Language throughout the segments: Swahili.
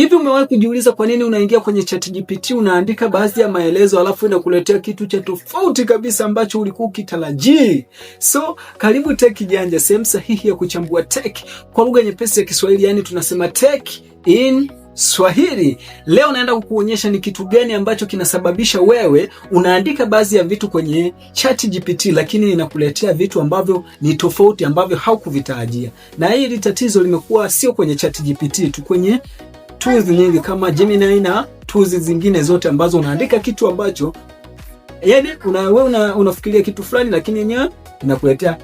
Hivi umewahi kujiuliza kwa nini unaingia kwenye ChatGPT unaandika baadhi ya maelezo alafu inakuletea kitu cha tofauti kabisa ambacho ulikuwa ukitarajii? So, karibu Tech Kijanja, sehemu sahihi ya kuchambua tech kwa lugha nyepesi ya Kiswahili, yani tunasema tech in Swahili. Leo naenda kukuonyesha ni kitu gani ambacho kinasababisha wewe unaandika baadhi ya vitu kwenye ChatGPT lakini inakuletea vitu ambavyo ni tofauti ambavyo haukuvitarajia. Na hili tatizo limekuwa sio kwenye ChatGPT tu, kwenye tools nyingi kama Gemini na tools zingine zote ambazo unaandika kitu ambacho yani una, wewe una, unafikiria kitu fulani lakini yenyewe inakuletea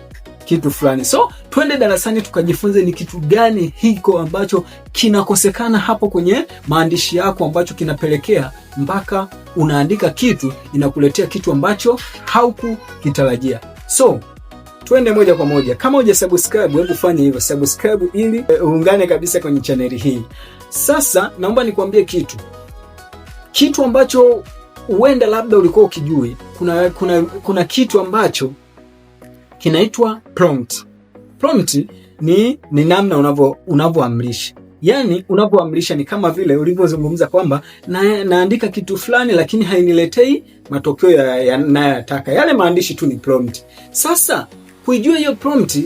kitu fulani. So twende darasani tukajifunze ni kitu gani hiko ambacho kinakosekana hapo kwenye maandishi yako ambacho kinapelekea mpaka unaandika kitu inakuletea kitu ambacho haukukitarajia. So Twende moja kwa moja, kama uja subscribe, hebu fanya hivyo subscribe, ili eh, uungane kabisa kwenye chaneli hii. Sasa naomba nikuambie kitu, kitu ambacho huenda labda ulikuwa ukijui. Kuna, kuna, kuna kitu ambacho kinaitwa prompt. Prompt ni, ni namna unavyo unavyoamrisha yaani unavyoamrisha ni kama vile ulivyozungumza kwamba na, naandika kitu fulani lakini hainiletei matokeo ya, ya, yale maandishi tu ni prompt. Sasa Kuijua hiyo prompt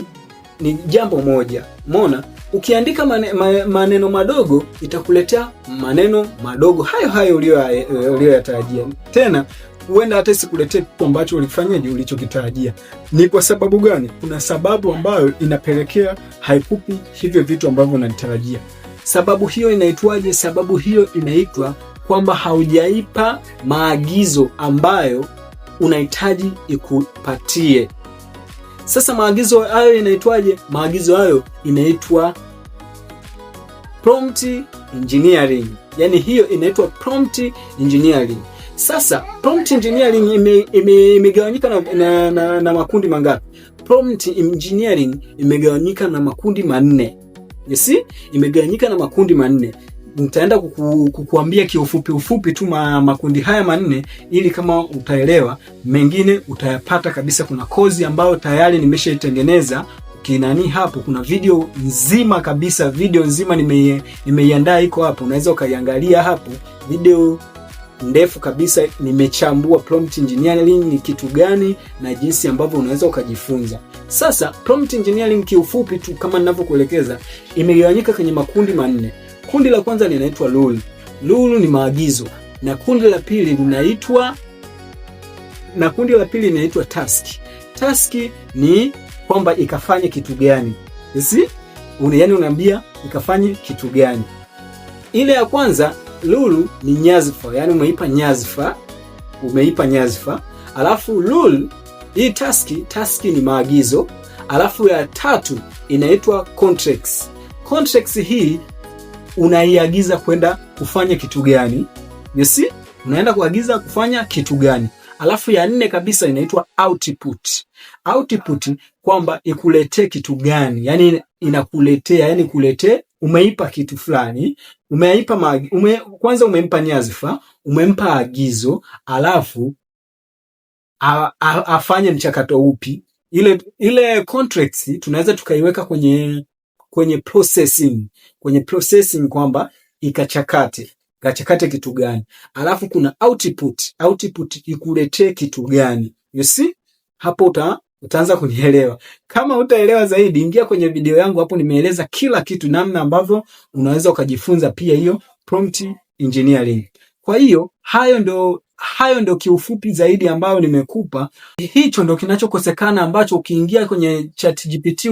ni jambo moja. mona Ukiandika maneno, maneno madogo itakuletea maneno madogo hayo hayo eh, uliyoyatarajia. Tena huenda hata sikuletee kitu ambacho ulifanyaje ulichokitarajia. Ni kwa sababu gani? Kuna sababu ambayo inapelekea haikupi hivyo vitu ambavyo unatarajia. Sababu hiyo inaitwaje? Sababu hiyo inaitwa kwamba haujaipa maagizo ambayo unahitaji ikupatie. Sasa maagizo hayo inaitwaje? Maagizo hayo inaitwa prompt engineering, yaani hiyo inaitwa prompt engineering. Sasa prompt engineering imegawanyika ime, ime na, na, na makundi mangapi? Prompt engineering imegawanyika na makundi manne. Yes, imegawanyika na makundi manne nitaenda kuku, kukuambia kiufupi ufupi tu ma, makundi haya manne, ili kama utaelewa, mengine utayapata kabisa. Kuna kozi ambayo tayari nimeshaitengeneza kinani hapo, kuna video nzima kabisa, video nzima nimeiandaa nime, iko hapo, unaweza ukaiangalia hapo, video ndefu kabisa. Nimechambua prompt engineering ni kitu gani na jinsi ambavyo unaweza ukajifunza. Sasa prompt engineering kiufupi tu kama ninavyokuelekeza, imegawanyika kwenye makundi manne. Kundi la kwanza linaitwa rule. Rule ni maagizo, na kundi la pili linaitwa na kundi la pili linaitwa task. Task ni kwamba ikafanye kitu gani, si yani unaambia ikafanye kitu gani. Ile ya kwanza rule ni nyazifa, yani umeipa nyazifa, umeipa nyazifa. Alafu lul hii task, task ni maagizo. Alafu ya tatu inaitwa contracts. Contracts hii unaiagiza kwenda kufanya kitu gani? Yes, unaenda kuagiza kufanya kitu gani? Alafu ya nne kabisa inaitwa output. Output kwamba ikuletee kitu gani, yani inakuletea, yani kuletee, umeipa kitu fulani, umeipa ume, kwanza umempa nyazifa, umempa agizo, alafu a, a, afanye mchakato upi? Ile ile contracts tunaweza tukaiweka kwenye kwenye processing, kwenye processing kwamba ikachakate kachakate kitu gani, alafu kuna output, output ikuletee kitu gani. You see hapo uta utaanza kunielewa. Kama utaelewa zaidi, ingia kwenye video yangu, hapo nimeeleza kila kitu, namna ambavyo unaweza ukajifunza pia hiyo prompt engineering. Kwa hiyo hayo ndio hayo ndio kiufupi zaidi ambayo nimekupa. Hicho ndio kinachokosekana ambacho ukiingia kwenye ChatGPT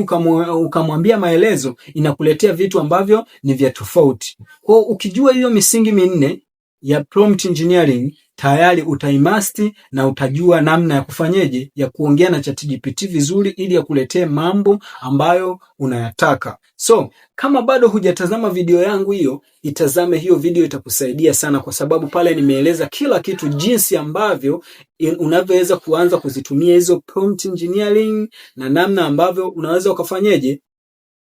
ukamwambia maelezo, inakuletea vitu ambavyo ni vya tofauti. Kwa ukijua hiyo misingi minne ya prompt engineering tayari utaimasti na utajua namna ya kufanyeje ya kuongea na ChatGPT vizuri ili ya mambo ambayo unayataka. So kama bado hujatazama video yangu hiyo, itazame hiyo video, itakusaidia sana, kwa sababu pale nimeeleza kila kitu, jinsi ambavyo unavyoweza kuanza kuzitumia hizo prompt engineering na namna ambavyo unaweza ukafanyeje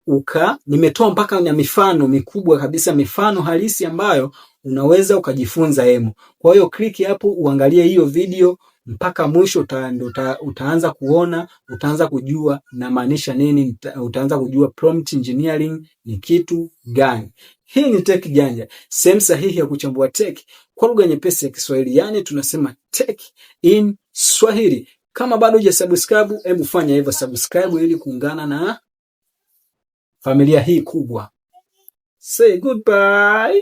uka nimetoa mpaka na mifano mikubwa kabisa, mifano halisi ambayo unaweza ukajifunza emo. Kwa hiyo click hapo uangalie hiyo video mpaka mwisho uta, uta, utaanza kuona utaanza kujua namaanisha nini, utaanza kujua prompt engineering ni kitu gani. Hii ni Tech Janja, sehemu sahihi ya kuchambua tech kwa lugha nyepesi ya Kiswahili, yaani tunasema Tech in Swahili. Kama bado hujasubscribe, hebu fanya hivyo subscribe, ili kuungana na familia hii kubwa. Say goodbye.